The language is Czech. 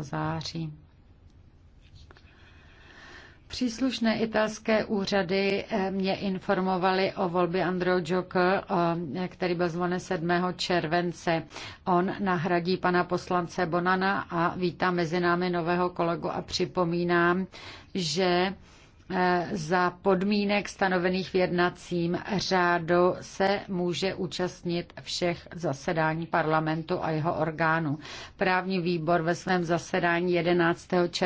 září. Příslušné italské úřady eh, mě informovaly o volbě Andrew Joker, eh, který byl zvolen 7. července. On nahradí pana poslance Bonana a vítá mezi námi nového kolegu a připomínám, že za podmínek stanovených v jednacím řádu se může účastnit všech zasedání parlamentu a jeho orgánů. Právní výbor ve svém zasedání 11. června